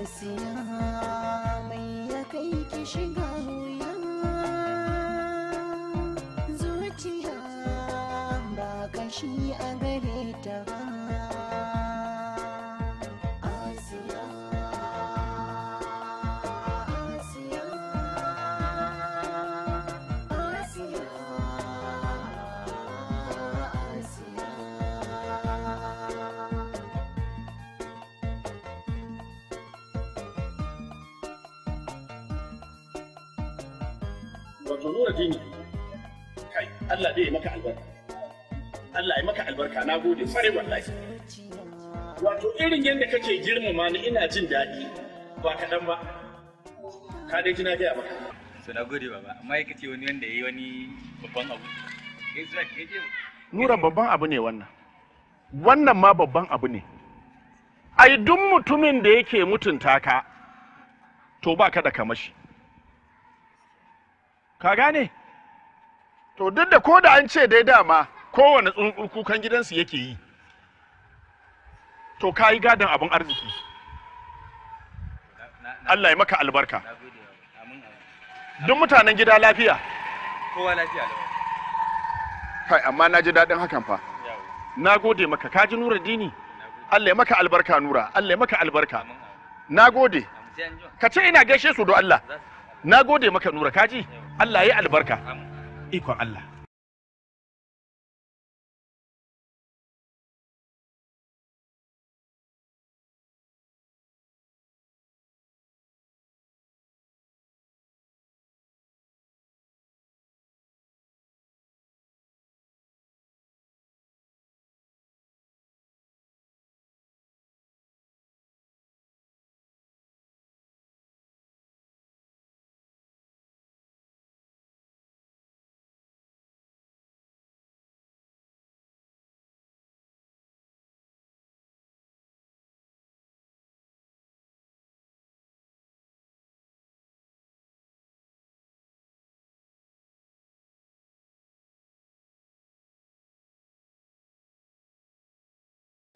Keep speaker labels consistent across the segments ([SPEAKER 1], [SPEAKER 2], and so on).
[SPEAKER 1] asiya mai ya kai ki shiga wuya zuciya ba kashi a gare
[SPEAKER 2] Allah wato irin yadda kake girmama ni ina jin daɗi ba kaɗan ba ka dai na gaya maka babban abu Nura babban abu ne wannan wannan ma babban abu ne ai duk mutumin da yake mutunta ka to ba ka da kamashi ka gane to duk da ko da an ce dai dama kowane tsuntsu kukan gidansu yake yi to ka yi gadon abin arziki Allah ya maka albarka duk mutanen gida lafiya kowa lafiya kai amma na ji daɗin hakan fa na gode maka ka ji nura dini Allah ya maka albarka nura Allah ya maka albarka na gode ka ce ina gaishe su
[SPEAKER 3] do Allah na gode maka nura kaji Allah ya albarka ikon Allah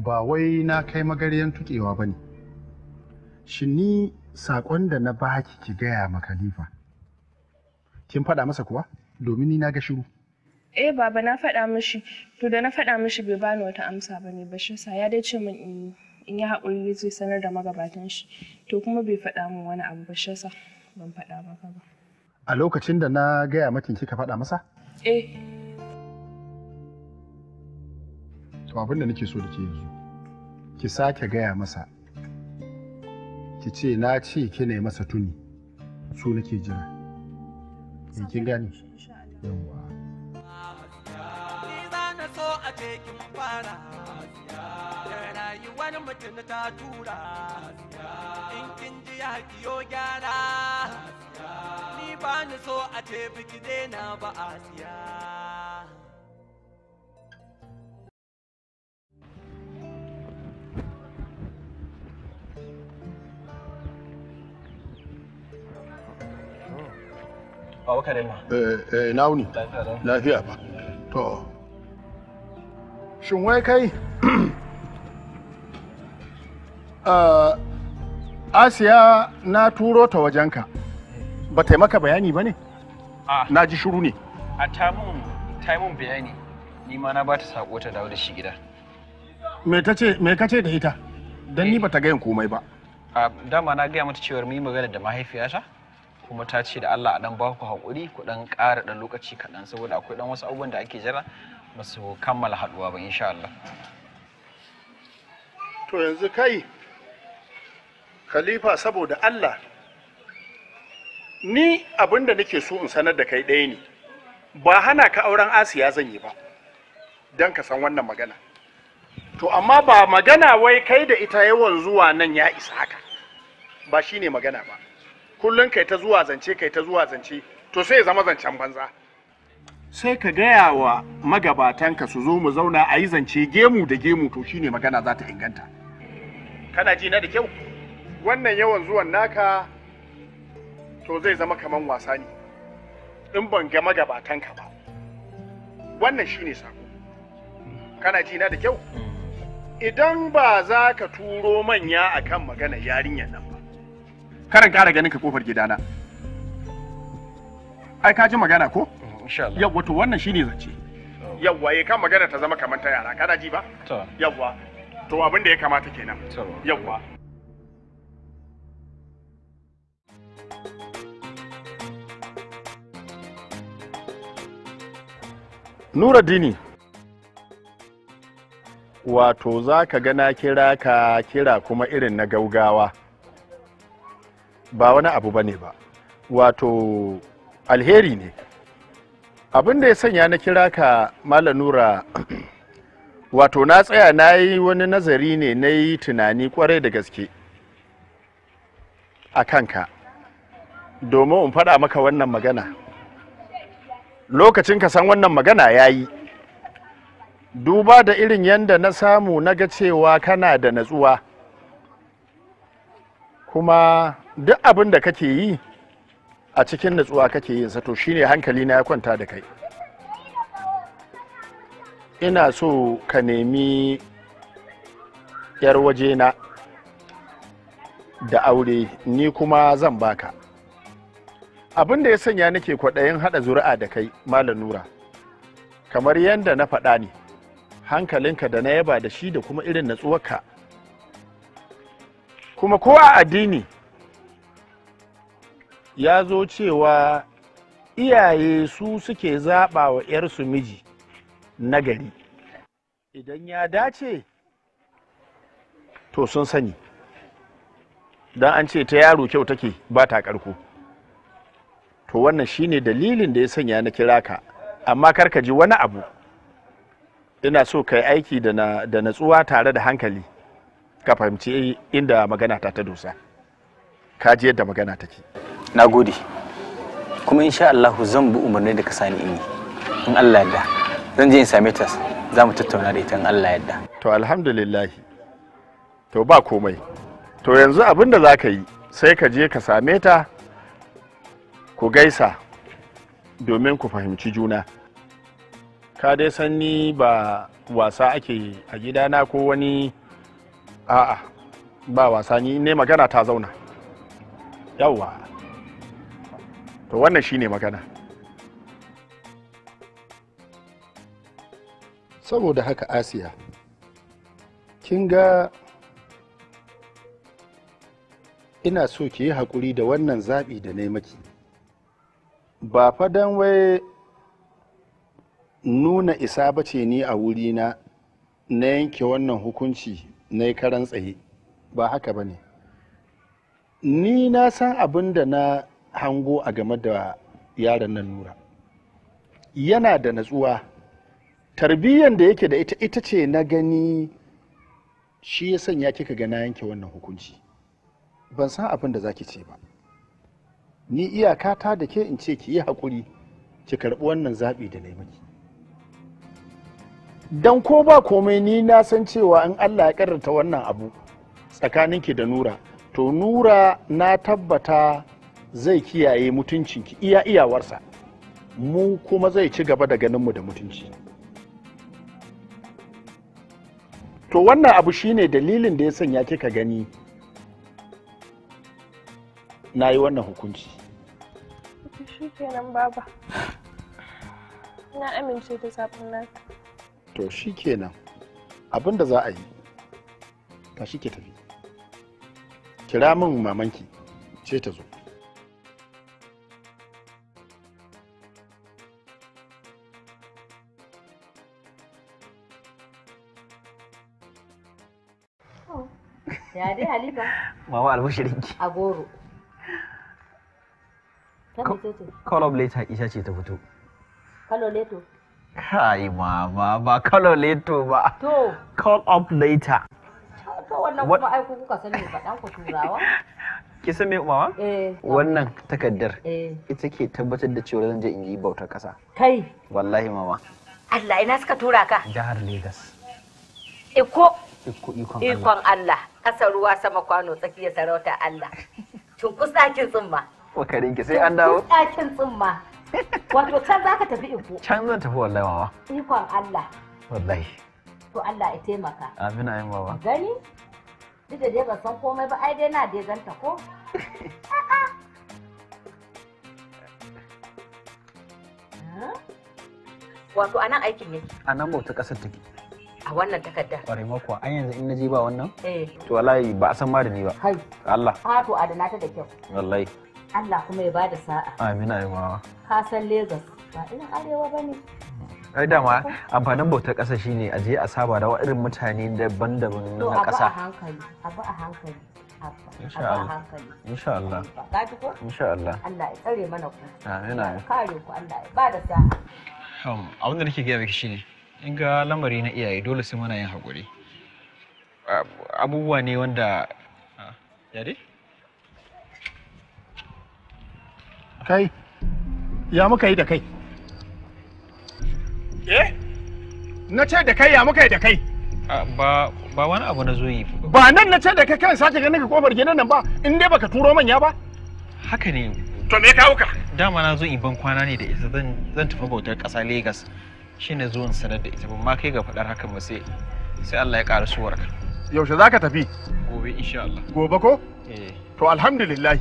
[SPEAKER 3] ba wai na kai magaryan tukewa ba ne shi ni saƙon da na baki
[SPEAKER 2] ki gaya ma khalifa kin faɗa masa kuwa domin ni na ga shiru
[SPEAKER 4] eh baba na faɗa mishi to da na faɗa mishi bai bani wata amsa ba ne ba shi sa ya dai ce min
[SPEAKER 5] in yi haƙuri zai sanar da magabatan shi to kuma bai faɗa min wani abu ba shi sa ban faɗa maka ba
[SPEAKER 2] a lokacin da na gaya makin kika faɗa masa eh to abin da nake so da ke yanzu ki sake gaya masa ki ce na ce ki ne masa tuni su nake jira in eh, kin gani yawa
[SPEAKER 6] so a ce kin fara rayuwar mutum ta tura in kin ji ya kiyo gyara ni ba ni so a ce gidana, daina ba asiya
[SPEAKER 7] Eh, eh, na wuni. Lafiya ba.
[SPEAKER 2] To. Shin wai kai? Ah, Asiya na turo ta wajenka. Ba ta maka bayani ba ne? Ah. Na ji shiru ne.
[SPEAKER 7] A ta mun bayani, ni ma na ba ta sako ta dawo da shi gida.
[SPEAKER 2] Me ka ce da ita? dan ni eh. ba ta gayan komai ba.
[SPEAKER 7] Ah, dama na gaya mata cewar mu yi magana da mahaifiyata? kuma ta ce da Allah a dan baku hakuri ku dan ƙara dan lokaci kaɗan saboda akwai dan wasu abubuwan da ake jira ba su kammala haɗuwa ba insha Allah.
[SPEAKER 2] To yanzu kai Khalifa saboda Allah ni abin da nake so in sanar da kai ɗaya ne ba hana ka auren Asiya zan yi ba don ka san wannan magana. To amma ba magana wai kai da ita yawan zuwa nan ya isa haka ba shine magana ba. kullum kai ta zuwa zance kai ta zuwa zance to sai ya zama zancen banza sai ka gaya wa magabatanka su zo mu zauna a yi zance gemu da gemu to shine magana za ta inganta kana ji na da kyau wannan yawan zuwan naka to zai zama kaman wasa ne in ban ga magabatanka ba wannan shine sako kana ji na da kyau mm. idan ba za ka turo manya akan maganar yarinyar nan karan kara ganin ka kofar gidana ai ka ji magana ko insha Allah yawa to wannan shine zance yawa ye eh, kan magana ta zama kamar ta yara kana ji ba to yawa to abin da ya kamata kenan yawa dini wato za ka gana kira ka kira kuma irin na gaugawa ba wani abu ba ne ba wato alheri ne abin da ya sanya na kira ka nura wato na tsaya na yi wani nazari ne na yi tunani kwarai da gaske a kanka domin in faɗa maka wannan magana lokacin ka san wannan magana ya yi duba da irin yadda na samu na ga cewa kana da natsuwa kuma duk abin da kake yi a cikin natsuwa kake yin sa to shine hankali na ya kwanta da kai ina so ka nemi yar waje na da aure ni kuma zan baka abin da ya sanya nake kwaɗayin haɗa zuri'a da kai malam nura kamar yadda na faɗa ne hankalinka da na yaba da shi da kuma irin natsuwarka kuma kowa addini ya zo cewa iyaye su suke zaɓa wa 'yarsu miji na gari idan ya dace to sun sani don an ce ta yaro kyau take ba ta ƙarko to wannan shi ne dalilin da ya sanya na kira ka amma karka ji wani abu ina so kai aiki da natsuwa tare da hankali ka fahimci inda magana ta ta dosa ka ji yadda magana take
[SPEAKER 4] na gode kuma insha Allah zan bi umarni da ka sani in yi in Allah yadda zan je in same ta za mu tattauna da ita in Allah yadda to alhamdulillah
[SPEAKER 2] to ba komai to yanzu abin da za ka yi sai ka je ka same ta ku gaisa domin ku fahimci juna ka dai sanni ba wasa ake a gidana ko wani a'a ba wasa ni ne magana ta zauna yawwa to wannan shi ne magana saboda haka asiya kin ga ina so ki yi haƙuri da wannan zaɓi da na maki ba fadan wai nuna isa bace ni a wurina na yanke wannan hukunci na karan tsaye ba haka ba ne ni na san abin da na hango a game da yaron nan nura yana da natsuwa tarbiyyar da yake da ita ita ce na gani shi ya sanya kika gana yanke wannan hukunci ban san abin da zaki ce ba ni iyaka ta da ke in ce ki yi haƙuri ki karɓi wannan zaɓi da na don ko ba komai ni na san cewa in allah ya karanta wannan abu tsakaninki da nura to nura na tabbata zai kiyaye mutuncinki iya iyawarsa mu kuma zai ci gaba da ganinmu da mutunci to wannan abu shine dalilin da ya sanya kika gani na yi wannan hukunci
[SPEAKER 8] shi kenan baba na amince
[SPEAKER 5] da zaɓin naka
[SPEAKER 2] to shi kenan abin da za a yi ta shi ke tafi kira min mamanki ce ta zo
[SPEAKER 9] ya dai halifa
[SPEAKER 7] mama albushirinki
[SPEAKER 9] a goro ce
[SPEAKER 7] ta fito. Kololeto? Kai mama ba ba. To. Call up later.
[SPEAKER 9] To wannan kuma ai ku kuka sani ba dan ku turawa.
[SPEAKER 7] Ki san me mama? Eh. Wannan takaddar eh. ita ke tabbatar da cewa zan je in yi bautar kasa. Kai. Wallahi mama.
[SPEAKER 9] Allah ina suka tura ka?
[SPEAKER 4] Jihar Lagos. Iko. Iko ikon Allah. Ikon
[SPEAKER 9] Allah. Kasa ruwa sama kwano tsakiyar sarauta Allah. Cunkus ɗakin tsumma.
[SPEAKER 7] Wakarin ki sai an dawo?
[SPEAKER 9] Ɗakin tsumma. Wato can za ka tafi iko.
[SPEAKER 7] Can zan tafi wallahi mama.
[SPEAKER 9] Ikon Allah. Wallahi. To Allah ya taimaka.
[SPEAKER 4] Amina ayin baba.
[SPEAKER 9] Gani? Duk da dai ba san komai ba ai dai na dai zanta ko? Wato anan aikin A
[SPEAKER 7] Anan bauta ƙasar take.
[SPEAKER 9] a wannan takardar
[SPEAKER 7] ƙwarai mako an yanzu in na je ba wannan eh. to wallahi ba a san ma da ni ba hai Allah
[SPEAKER 9] ha to adana ta da kyau wallahi Allah kuma ya bada sa'a
[SPEAKER 7] amin ayi ma
[SPEAKER 9] ka san Lagos ba ina arewa ba ne?
[SPEAKER 7] ai dama amfanin bautar ƙasa shine a je a saba da irin mutane daban-daban na ƙasa to a
[SPEAKER 9] hankali abu a hankali
[SPEAKER 7] insha Allah insha Allah
[SPEAKER 9] Allah ya tsare mana ku amin kare ku Allah ya bada sa'a
[SPEAKER 7] abin da nake gaya miki shine in ga lamari na iyaye dole sai muna yin haƙuri abubuwa ne wanda ya dai
[SPEAKER 2] kai ya muka yi da kai eh na ce da kai ya muka yi da kai
[SPEAKER 7] ba ba wani abu na zo yi
[SPEAKER 2] ba nan na ce da kai kan sake ganin ka kofar gidan nan ba in dai baka turo manya ba
[SPEAKER 7] haka ne to me kawo ka dama na zo iban ban kwana ne da isa zan tafi bautar ƙasa Legas shine zuwan sanar da ita ban kai ga faɗar hakan ba sai sai Allah ya ƙara suwar ka
[SPEAKER 2] yaushe zaka tafi
[SPEAKER 7] gobe insha Allah gobe ko eh
[SPEAKER 2] to alhamdulillah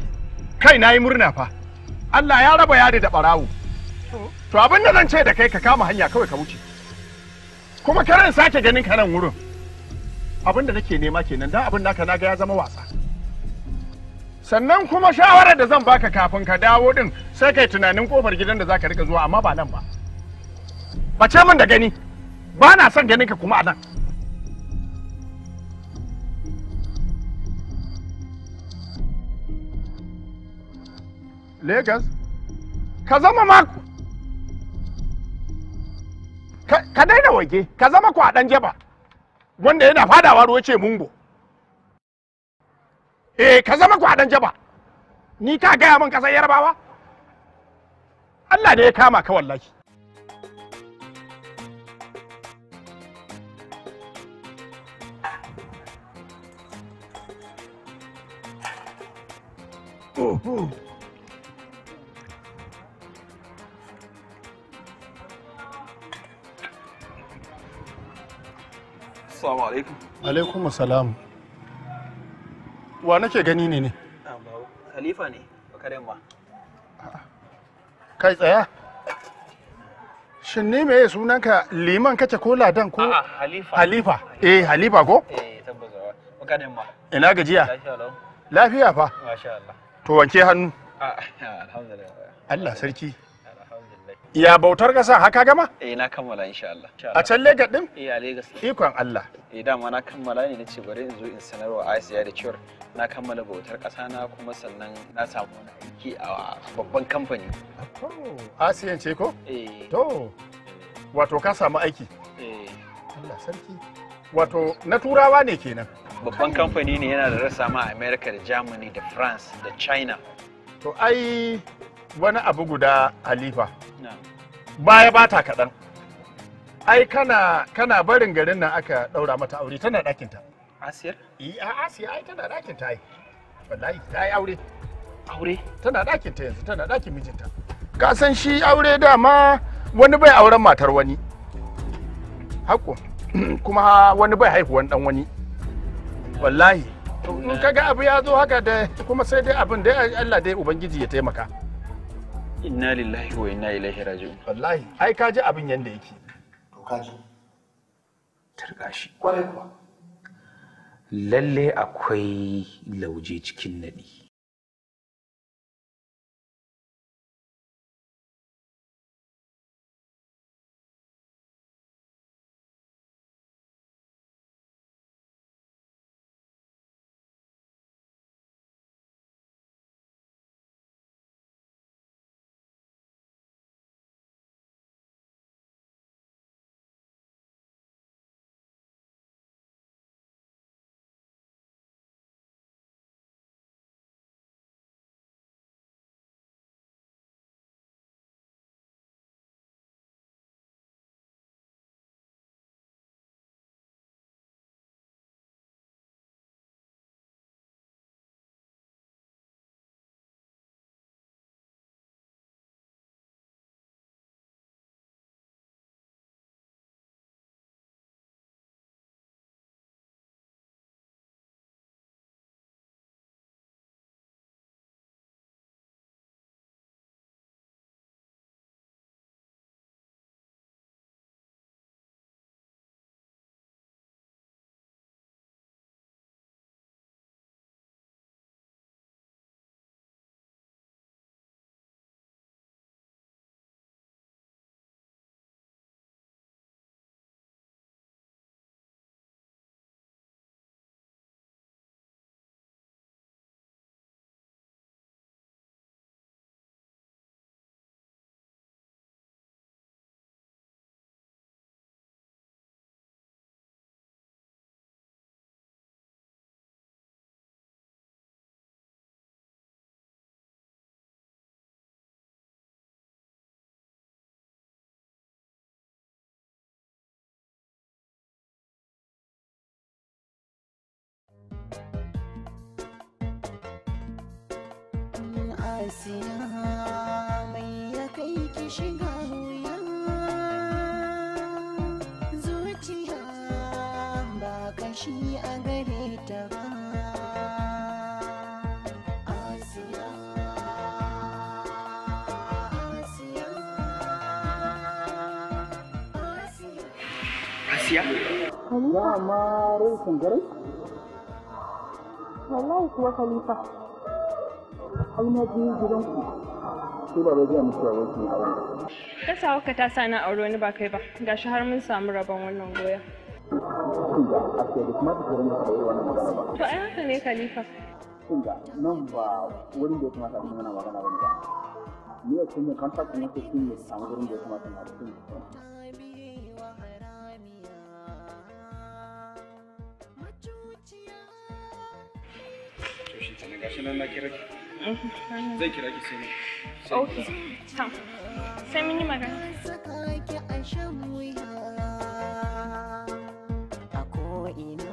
[SPEAKER 2] kai nayi murna fa Allah ya raba yadi da barawo to abin da zan ce da kai ka kama hanya kawai ka wuce kuma karin sake ganin ka nan wurin abin da nake nema kenan dan abin naka naga ya zama wasa sannan kuma shawarar da zan baka kafin ka dawo din sai kai tunanin kofar gidan da zaka rika zuwa amma ba nan ba bace min da gani ba na son ganin ka kuma a nan ka zama ma ka daina wage ka zama ku a dan jaba wanda yana fadawa ruwa ce mungo eh ka zama ku a dan jaba ni ka gaya mun kasar yarbawa Allah ne ya kama ka wallahi
[SPEAKER 3] oh, oh.
[SPEAKER 7] Assalamu alaikum.
[SPEAKER 2] Alaikum Wa nake gani ne ne?
[SPEAKER 7] Khalifa ne, bakarin ma.
[SPEAKER 2] Kai tsaya. Shin ne me sunanka liman kace ko ladan ko? A'a,
[SPEAKER 7] Halifa. Halifa. Eh, Halifa ko? Eh, tabbazawa. Bakarin ma. Ina gajiya?
[SPEAKER 2] Lafiya fa. Masha Allah. to wanke hannu ah, Allah sarki ya bautar kasa haka gama
[SPEAKER 7] eh na kammala insha Allah a can Lagos din eh a Lagos ikon Allah eh dama na kammala ne nace bari in zo in sanarwa Asiya da cewar na kammala bautar kasa na kuma sannan na samu wani aiki a babban kamfani
[SPEAKER 2] Asiyan ce ko eh to wato ka samu aiki
[SPEAKER 7] eh Allah sarki
[SPEAKER 2] wato na turawa ne kenan
[SPEAKER 7] babban kamfani ne yana da rasa ma america da germany da france da china to ai
[SPEAKER 2] wani abu guda halifa baya ba ta kaɗan ai kana kana barin garin nan aka ɗaura mata aure tana ɗakinta asiyar? E, a asiya ai tana ɗakinta ai wallahi ta yi aure aure tana ɗakinta yanzu tana ɗakin mijinta ka san shi aure dama wani bai auren matar wani hakko kuma wani bai haihuwan ɗan wani wallahi in kaga abu ya zo haka da kuma sai dai abin dai Allah dai ubangiji ya taimaka
[SPEAKER 7] inna lillahi wa inna ilaihi raji'un
[SPEAKER 2] wallahi ai kaji abin yanda yake to kaji turka shi kwarai kuwa
[SPEAKER 10] lalle akwai lauje cikin nadi
[SPEAKER 1] asiya mai ya kai ki shiga wuya zuciya ba kashi a gare ta ba
[SPEAKER 7] Asiya? Dama rai sun gare?
[SPEAKER 9] Wallahi kuwa Khalifa. aina biyu gidan ku sai
[SPEAKER 2] zai bai gaya musu yawon kin aure
[SPEAKER 8] kasawa ta sa na aure ni ba kai ba gashi har mun samu rabon wannan goya
[SPEAKER 4] da da ke wani magana ba.
[SPEAKER 7] to ai
[SPEAKER 5] haka ne khalifa
[SPEAKER 4] kinga
[SPEAKER 7] nan ba wurin da ya kamata a mana magana ba
[SPEAKER 4] ni a cikin kuma ne ke cikin samu wurin da ya kamata a cikin gashi nan na kira ki
[SPEAKER 1] Zai
[SPEAKER 4] kira ki sai. Okay.
[SPEAKER 1] Tam. Sai mun yi magana. A ko ina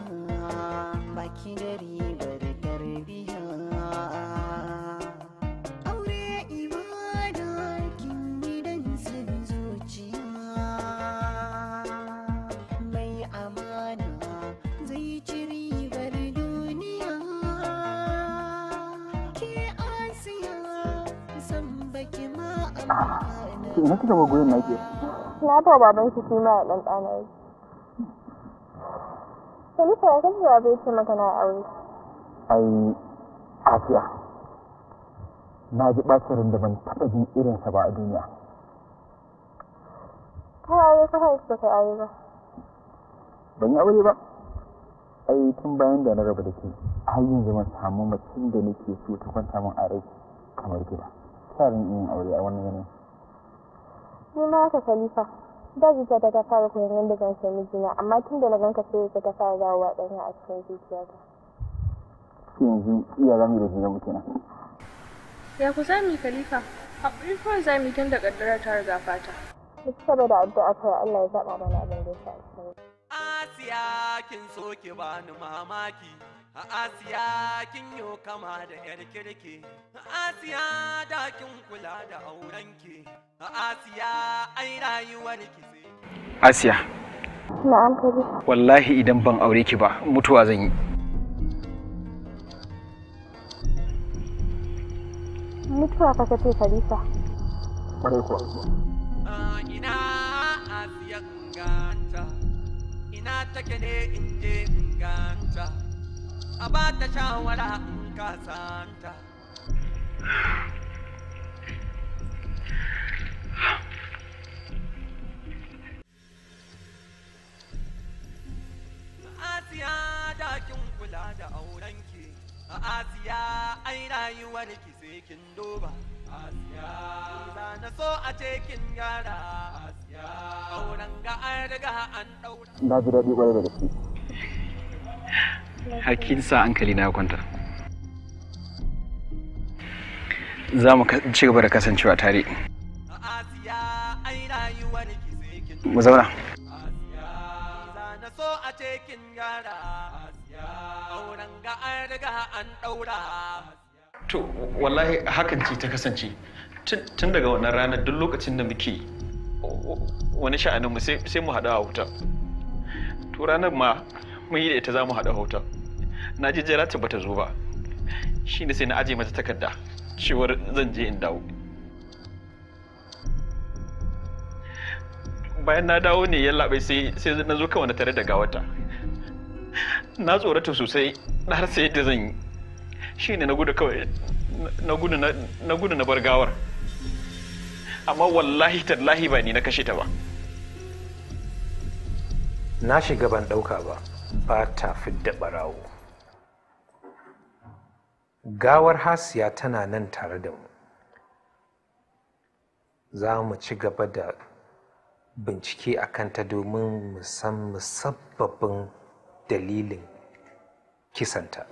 [SPEAKER 8] Ina kika ba goyon ke? Na ba baban shi shi ma
[SPEAKER 6] ya dan dana yi. Sani ya yanka ya bai ce maka a aure.
[SPEAKER 4] Ai Asiya. Na ji bacin da ban taba jin irinsa ba a duniya.
[SPEAKER 6] Ta aure ka haifi ba ta aure ba.
[SPEAKER 7] Ban yi aure ba. Ai tun bayan da na raba da ke har yanzu ban samu macin da nake so ta kwanta min a rai kamar gida.
[SPEAKER 4] tsarin yin aure a wani yanayi
[SPEAKER 6] ni ma haka khalifa daji ta ta fara koyon yadda zan sai mijina amma tun da na ganka sai ta ta fara dawowa ɗanya a cikin zuciyata
[SPEAKER 4] yanzu iya zamu da jira muke nan
[SPEAKER 6] ya ku sami khalifa
[SPEAKER 4] haƙuri kawai za mu yi tun da ƙaddara ta riga fata Duk ci gaba da addu'a kai Allah ya zaɓa
[SPEAKER 6] mana abin da ya sa Asiya kin so ki bani mamaki Asiya kin yo kama da yar kirki, Asiya da kin kula da auren ki Asiya ai rayuwar ki sai. Asiya. Na'am kabi
[SPEAKER 7] Wallahi idan ban aure ki ba mutuwa zan yi.
[SPEAKER 8] Mutuwa ka kace Khalifa.
[SPEAKER 7] Kwarai kuwa. Ina
[SPEAKER 6] Asiya ganta, ina take ne in ganta. a ba ta shawara in ka santa Asiya da kin kula da auren aurenki a Asiya ai rayuwar ki sai kin duba Asiya za na so a ce kin gara
[SPEAKER 7] Asiya auren ga an riga an daura
[SPEAKER 4] Na ji daɗi ƙwarai da gaske
[SPEAKER 7] har kin sa hankali na kwanta za mu ci gaba da kasancewa tare mu zauna to wallahi hakan ce ta kasance tun daga wannan ranar duk lokacin da muke wani sha'aninmu sai mu haɗu a wuta to ranar ma mun yi da ita za mu haɗa hoton na je jarata bata zo ba shi ne sai na aje mata takarda cewar zan je in dawo bayan na dawo ne ya laɓe sai sai na zo kawai tare da gawata na tsorata sosai na har sai yadda zan yi shi ne na gudu kawai na gudu na bar gawar amma wallahi tallahi ba ni na kashe ta ba
[SPEAKER 10] na shiga ban ɗauka ba ba ta fidda ɓarawo gawar hasiya tana nan tare da mu za mu ci gaba da bincike a kanta domin mu san musabbabin dalilin kisanta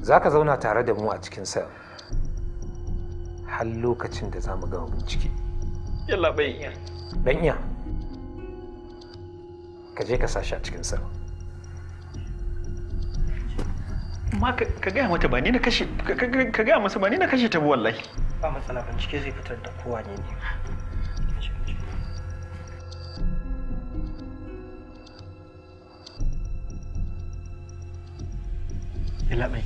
[SPEAKER 10] za ka zauna tare da mu a cikin sa har lokacin da za mu gama bincike
[SPEAKER 7] yalla bai
[SPEAKER 10] iya ka je ka sashi a cikin sel Ma
[SPEAKER 7] ka gaya mata
[SPEAKER 10] ba ni na kashe ka gaya masa
[SPEAKER 7] ba ni na kashe ta bu wallahi
[SPEAKER 4] ba matsala bincike zai fitar da kowa ne
[SPEAKER 6] ne mai.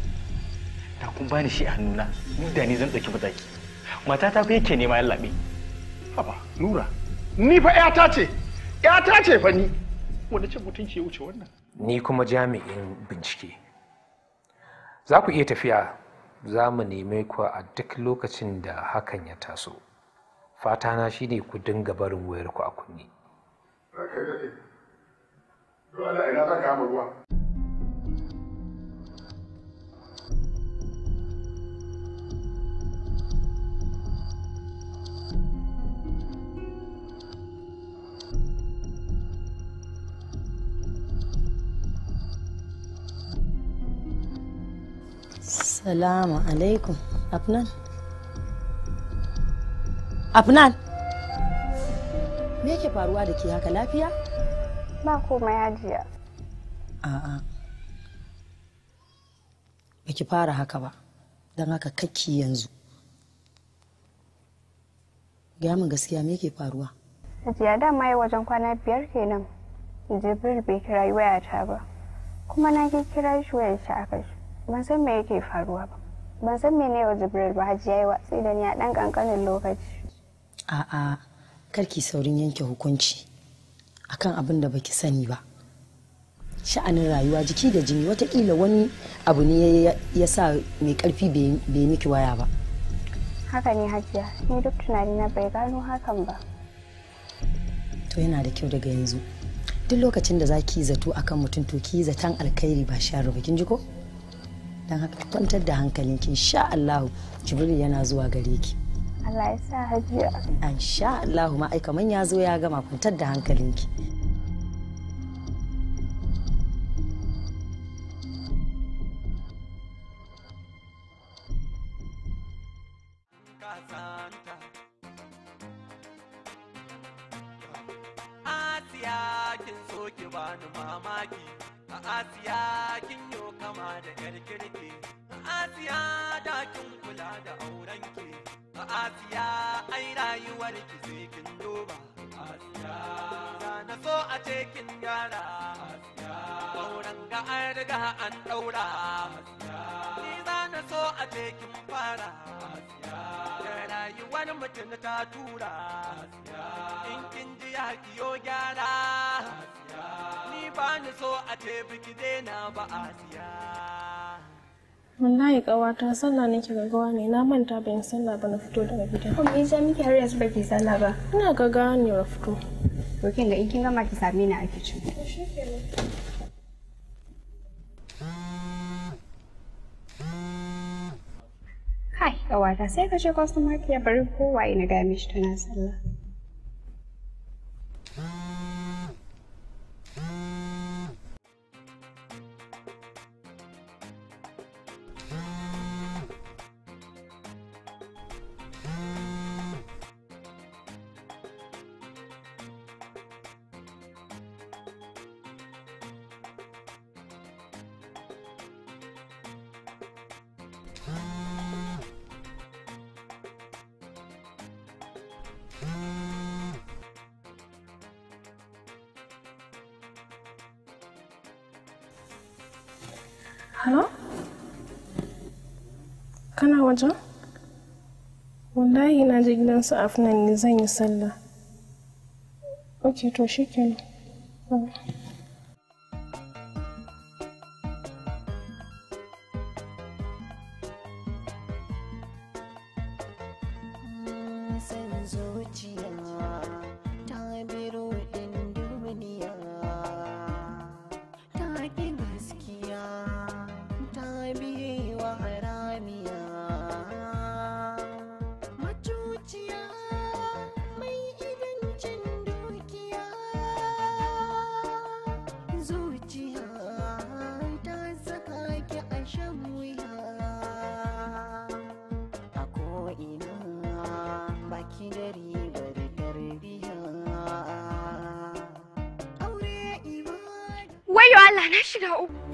[SPEAKER 6] da kun bani shi a hannuna,
[SPEAKER 4] ni da ni zan tsaki mataki. Matata fa yake nema yalaɓai. Haba, Nura,
[SPEAKER 10] ni fa 'yata ce,
[SPEAKER 2] 'yata ce fa ni. wanda ce mutunci ya wuce wannan
[SPEAKER 10] ni kuma jami'in bincike za ku iya tafiya za mu neme ku a duk lokacin da hakan ya taso fata na ne ku dinga barin wayar ku a kunne.
[SPEAKER 2] ina za ka ruwa.
[SPEAKER 11] Salamu alaikum. Afnan? Afnan? Me yake faruwa da ke haka lafiya? Ba komai hajiya. A'a. Ba ki fara haka ba, don haka kakki yanzu. ga min gaskiya me yake faruwa?
[SPEAKER 8] Hajiya da yi wajen kwana biyar kenan. Jibril bai kira wayata ba. Kuma na ke kira shi wayar shi aka shi. ban san me yake faruwa ba ban san mene wa jibril ba hajiya yayi watsi da ni a ɗan kankanin lokaci
[SPEAKER 11] a'a kar ki saurin yanke hukunci akan abin da baki sani ba sha'anin rayuwa jiki da jini watakila wani abu ne ya sa mai karfi bai miki waya ba
[SPEAKER 8] haka ne hajiya ni duk tunani na bai gano hakan ba
[SPEAKER 11] to yana da kyau daga yanzu duk lokacin da za ki zato akan mutum to ki zaton alkhairi ba sharu ba kin ji ko don haka kwantar da hankalinki sha Allah jibril yana zuwa gare ki
[SPEAKER 8] Allah ya sa hajiya
[SPEAKER 11] insha Allah ma ai kaman ya zo ya gama kwantar da hankalinki
[SPEAKER 6] Asiya kin so ki bani mamaki a asiya kin yo kama da yar kirki a asiya da kin kula da aurenki a asiya ai rayuwar ki sai kin duba da so a cikin gyara dauran ga an riga an ɗaura. ni zana so a cikin fara da rayuwar mutum ta tura in kin ji ya kiyo gyara ni ba ni so a ce biki na ba asiya
[SPEAKER 8] wallahi ƙawata sallah nake gaggawa ne na manta bayan sallah ba na fito daga gida kuma in sha miki har yanzu ba ki sallah ba ina gaga ne wa fito to kin ga in kin gama ki same ni a kicin kai ƙawata sai ka ce customer care bari kowa ina ga mishi tana sallah je gidan su afnan ne zan yi sallah ok to shikenan mm,
[SPEAKER 1] zuciya
[SPEAKER 8] wayo Allah na
[SPEAKER 3] uku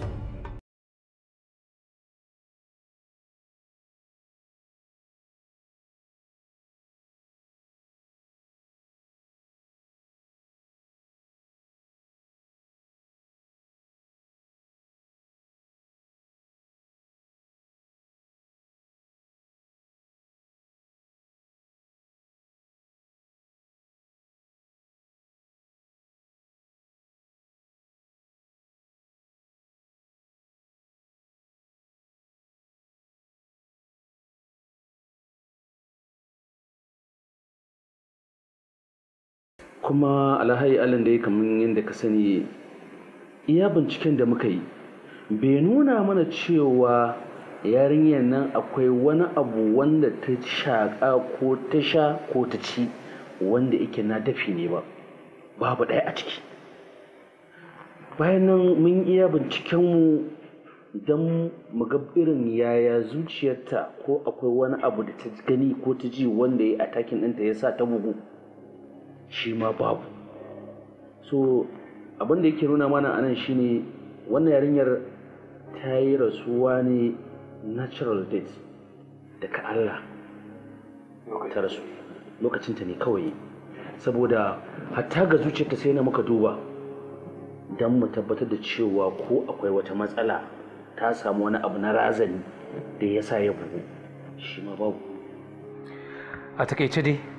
[SPEAKER 4] kuma alhaji allen da ya kamar yadda ka sani iya binciken da muka yi bai nuna mana cewa yarinyar nan akwai wani abu wanda ta shaƙa ko ta sha ko ta ci wanda yake na dafi ne ba babu ɗaya a ciki bayan nan mun iya bincikenmu don mu ga irin yaya zuciyarta ko akwai wani abu da ta gani ko ta ji wanda ya yi a takin ɗinta ya sa ta bugu shi ma babu so abin da yake nuna mana anan shine wannan yarinyar ta yi rasuwa ne natural death daga Allah ta rasu lokacinta ne kawai saboda hatta ga zuciyarta sai na muka duba don mu tabbatar da cewa ko akwai wata matsala ta samu wani abu na razani da ya sa ya bugu shi ma
[SPEAKER 10] babu a takaice dai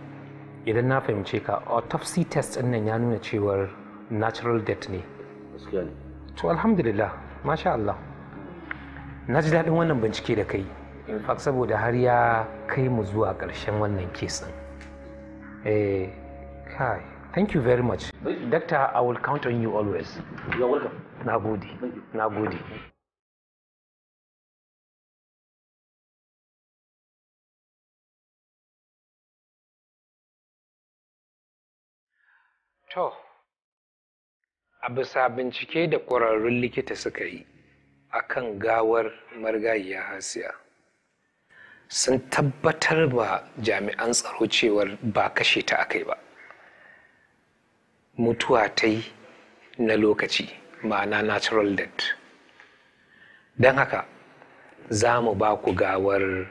[SPEAKER 10] idan na fahimce ka autopsy test din nan ya nuna cewar natural death ne to alhamdulillah masha Allah na ji daɗin wannan bincike da kai saboda har ya kai mu zuwa ƙarshen wannan kesin eh kai thank you very much doctor i will count on you always you're welcome na gode na gode To, a bisa bincike da ƙwararrun likita suka yi a kan gawar har hasiya. Sun tabbatar ba jami'an tsaro cewar ba kashe ta akai ba. Mutuwa ta yi na lokaci ma'ana natural death. Don haka, za mu ba ku gawar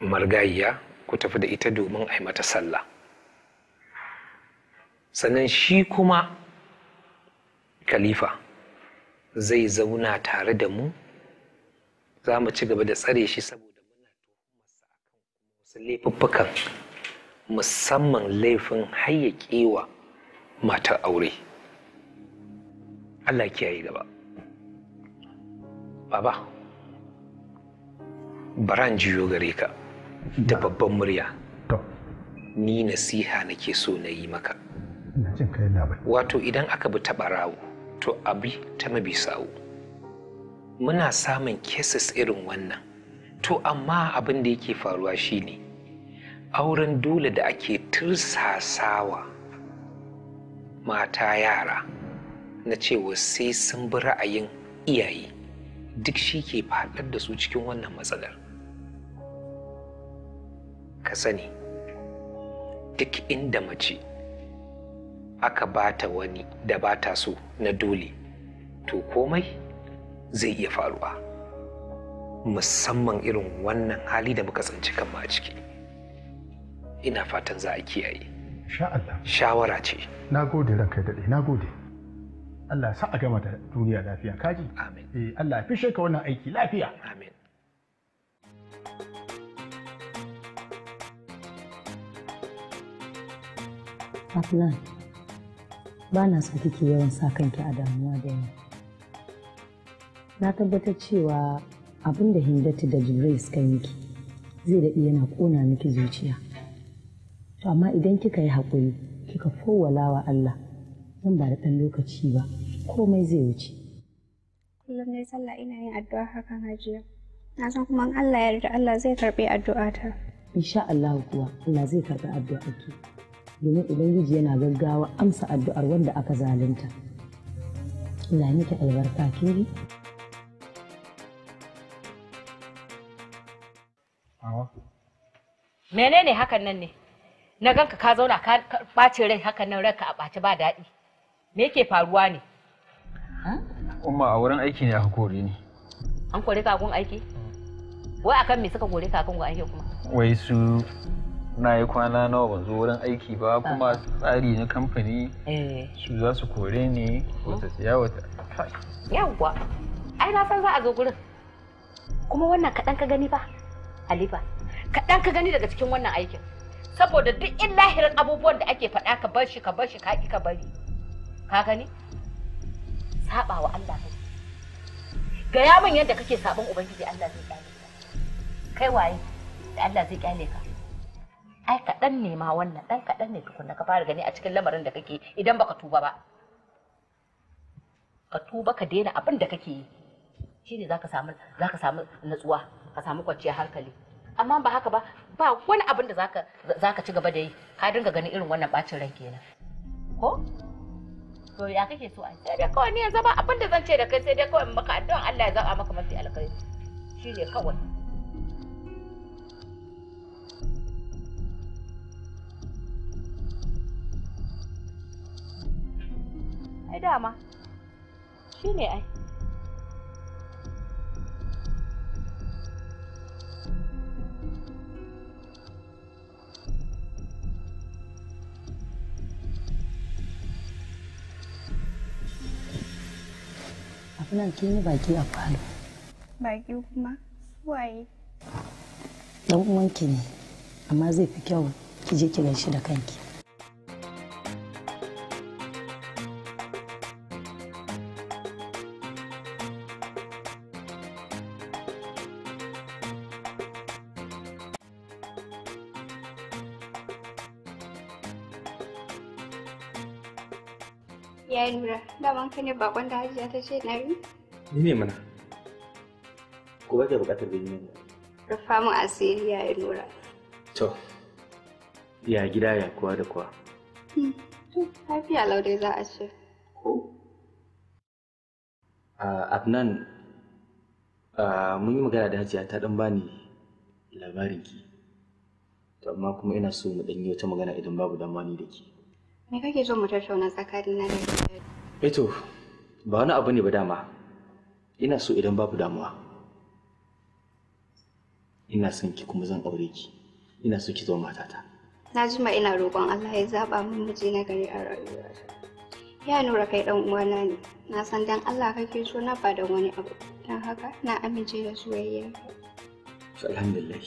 [SPEAKER 10] margayiya ku tafi da ita domin a yi mata sallah. sannan shi kuma khalifa zai zauna tare da mu za mu ci gaba da tsare shi saboda muna tuhumarsa akan wasu laifuffukan musamman laifin hayyakewa matar aure Allah kiyaye gaba baba baran juyo gare ka da babban murya ni nasiha nake so na yi maka wato idan aka bi ta ɓarawo to abi ta mabi sa'u muna samun kesis irin wannan to amma abin da yake faruwa shi ne auren dole da ake tursasawa mata yara na cewa sai sun bi ra'ayin iyaye duk shi ke faɗar da su cikin wannan matsalar ka sani duk inda mace aka bata wani da bata so na dole to komai zai iya faruwa musamman irin wannan hali da muka tsinci kanmu a ciki ina fatan za a kiyaye shawara ce
[SPEAKER 2] na gode ranka daɗe na gode Allah sa a gama da duniya lafiya kaji amin eh Allah ya fishe ka wannan aiki lafiya
[SPEAKER 10] amin
[SPEAKER 11] Afnan ba na so kike yawan sa kanki a damuwa da ni na tabbatar cewa abin da hindatu da jibril suka miki zai daɗi yana kona miki zuciya to amma idan kika yi hakuri, kika fowala wa Allah zan ba da ɗan lokaci ba komai zai wuce
[SPEAKER 8] kullum ne sallah ina yin addu'a hakan hajiya na san kuma Allah ya yarda Allah zai karɓi
[SPEAKER 11] addu'ata insha Allah kuwa Allah zai karɓi ki domin ubangiji yana gaggawa amsa addu'ar wanda aka zalunta ina miki albarka
[SPEAKER 9] kiri menene hakan nan ne na ganka ka zauna ka ɓace rai hakan nan ranka a ɓace ba daɗi me yake faruwa ne
[SPEAKER 7] umma a wurin aiki ne aka kore ni
[SPEAKER 9] an kore ka gun aiki mm. wai akan me suka kore ka gun
[SPEAKER 5] aiki kuma
[SPEAKER 7] wai su na yi kwana nawa ban zo wurin aiki ba kuma tsari na kamfani eh. su za su kore ni wata tsaya wata
[SPEAKER 5] yawwa
[SPEAKER 9] ai na san za a zo gurin kuma wannan kaɗan ka gani ba alifa kaɗan ka gani daga cikin wannan aikin saboda duk lahirin abubuwan da ake faɗa ka bar shi ka bar shi ka ka bari ka gani saba wa Allah kai gaya min yadda kake sabon ubangiji Allah zai kyale ka kai waye da Allah zai kyale ka ai kaɗan ne ma wannan ɗan kaɗan ne tukunna ka fara gani a cikin lamarin da kake idan baka tuba ba ka tuba ka daina abin da kake yi Shi ne zaka samu zaka samu natsuwa ka samu kwanciyar hankali amma ba haka ba ba wani abin da zaka zaka ci gaba da yi ka dinga ganin irin wannan bacin ran kenan ko to ya kake so ai sai dai kawai ni yanzu ba abin da zan ce da kai sai dai kawai maka addu'an Allah ya zaba maka mafi alkhairi ne kawai dama shi ne ai
[SPEAKER 3] Abinan
[SPEAKER 11] kin baki a falo.
[SPEAKER 8] Baki kuma waye?
[SPEAKER 11] Dan uwanki ne, amma zai fi kyau ki je ki gaishe da kanki.
[SPEAKER 8] ne bakon da hajiya ta ce na yi?
[SPEAKER 4] Ni ne mana. Ko ba ke bukatar da ne?
[SPEAKER 8] Rufa mu asiri ya yi nura.
[SPEAKER 4] To, ya gida ya kuwa da kuwa.
[SPEAKER 8] Hmm, to, lafiya laudai za a ce. Ko?
[SPEAKER 4] Abnan, mun yi magana da hajiya ta dan bani labarin ki. To, amma kuma ina so mu ɗan yi wata magana idan babu damani da ke.
[SPEAKER 8] Me kake zo mu tattauna tsakanin na da
[SPEAKER 4] Eto, eh ba wani abu ne ba dama. Ina so idan babu damuwa. Ina son ki kuma zan aure ki. Ina so ki zama matata.
[SPEAKER 8] Na jima ina roƙon Allah ya zaba min miji na gari a rayuwata. Ya nura kai dan uwana ne. Na san dan Allah kake so na ba da wani abu. Dan haka na amince da soyayya.
[SPEAKER 4] Alhamdulillah.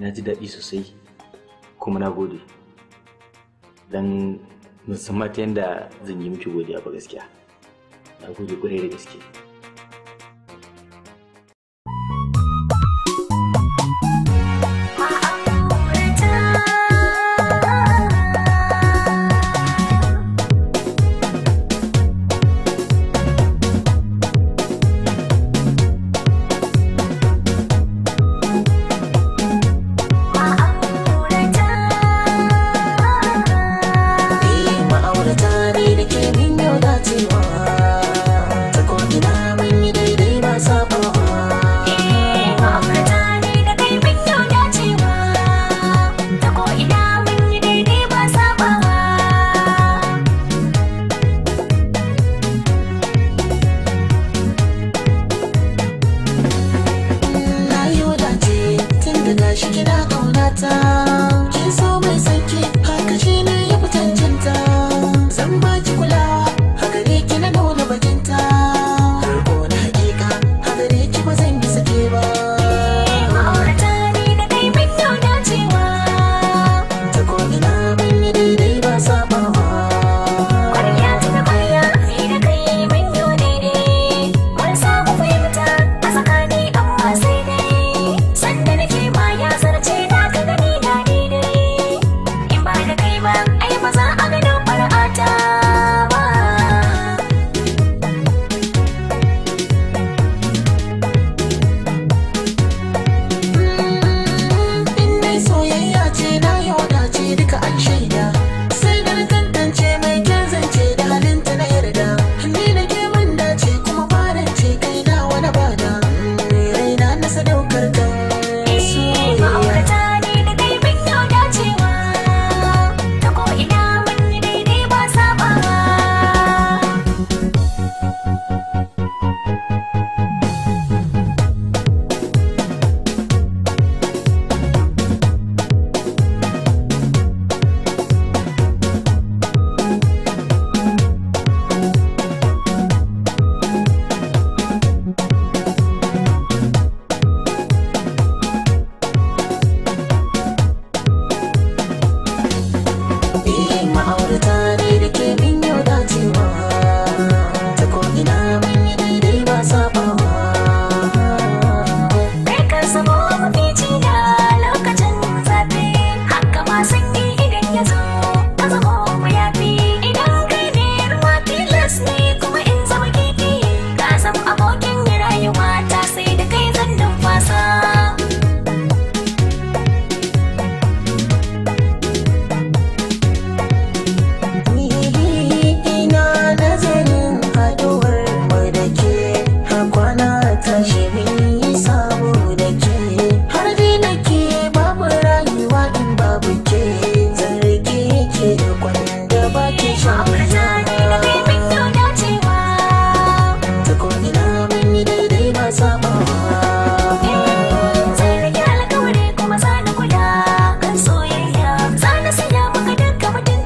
[SPEAKER 4] Na ji daɗi sosai kuma na gode. Dan musamman ta yadda zan yi miki godiya ba gaskiya na gode kwarai da gaske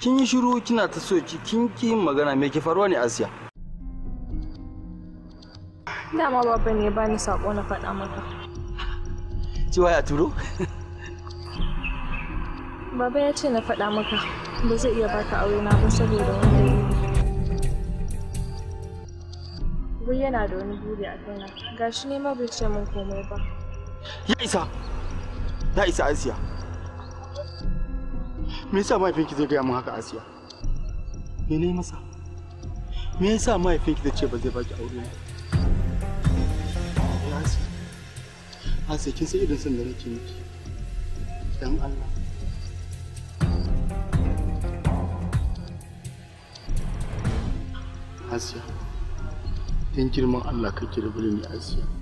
[SPEAKER 4] kin yi shiru kina ta ki kin ki magana me ke faruwa ne asiya
[SPEAKER 5] dama baba ne ba ni sako na faɗa maka cewa ya turo baba ya ce na faɗa maka ba zai iya baka aure na ba saboda wani dalili wai yana da wani buri a
[SPEAKER 8] kaina gashi ne ma bai ce min komai ba
[SPEAKER 4] ya isa ya isa
[SPEAKER 2] asiya me yasa mahaifinki zai gaya mun haka asiya me ne masa me yasa mahaifinki zai ce ba zai baki aure ne ya asiya asiya kin san irin son da nake miki dan Allah Asiya, don girman Allah ka da
[SPEAKER 1] ni Asiya.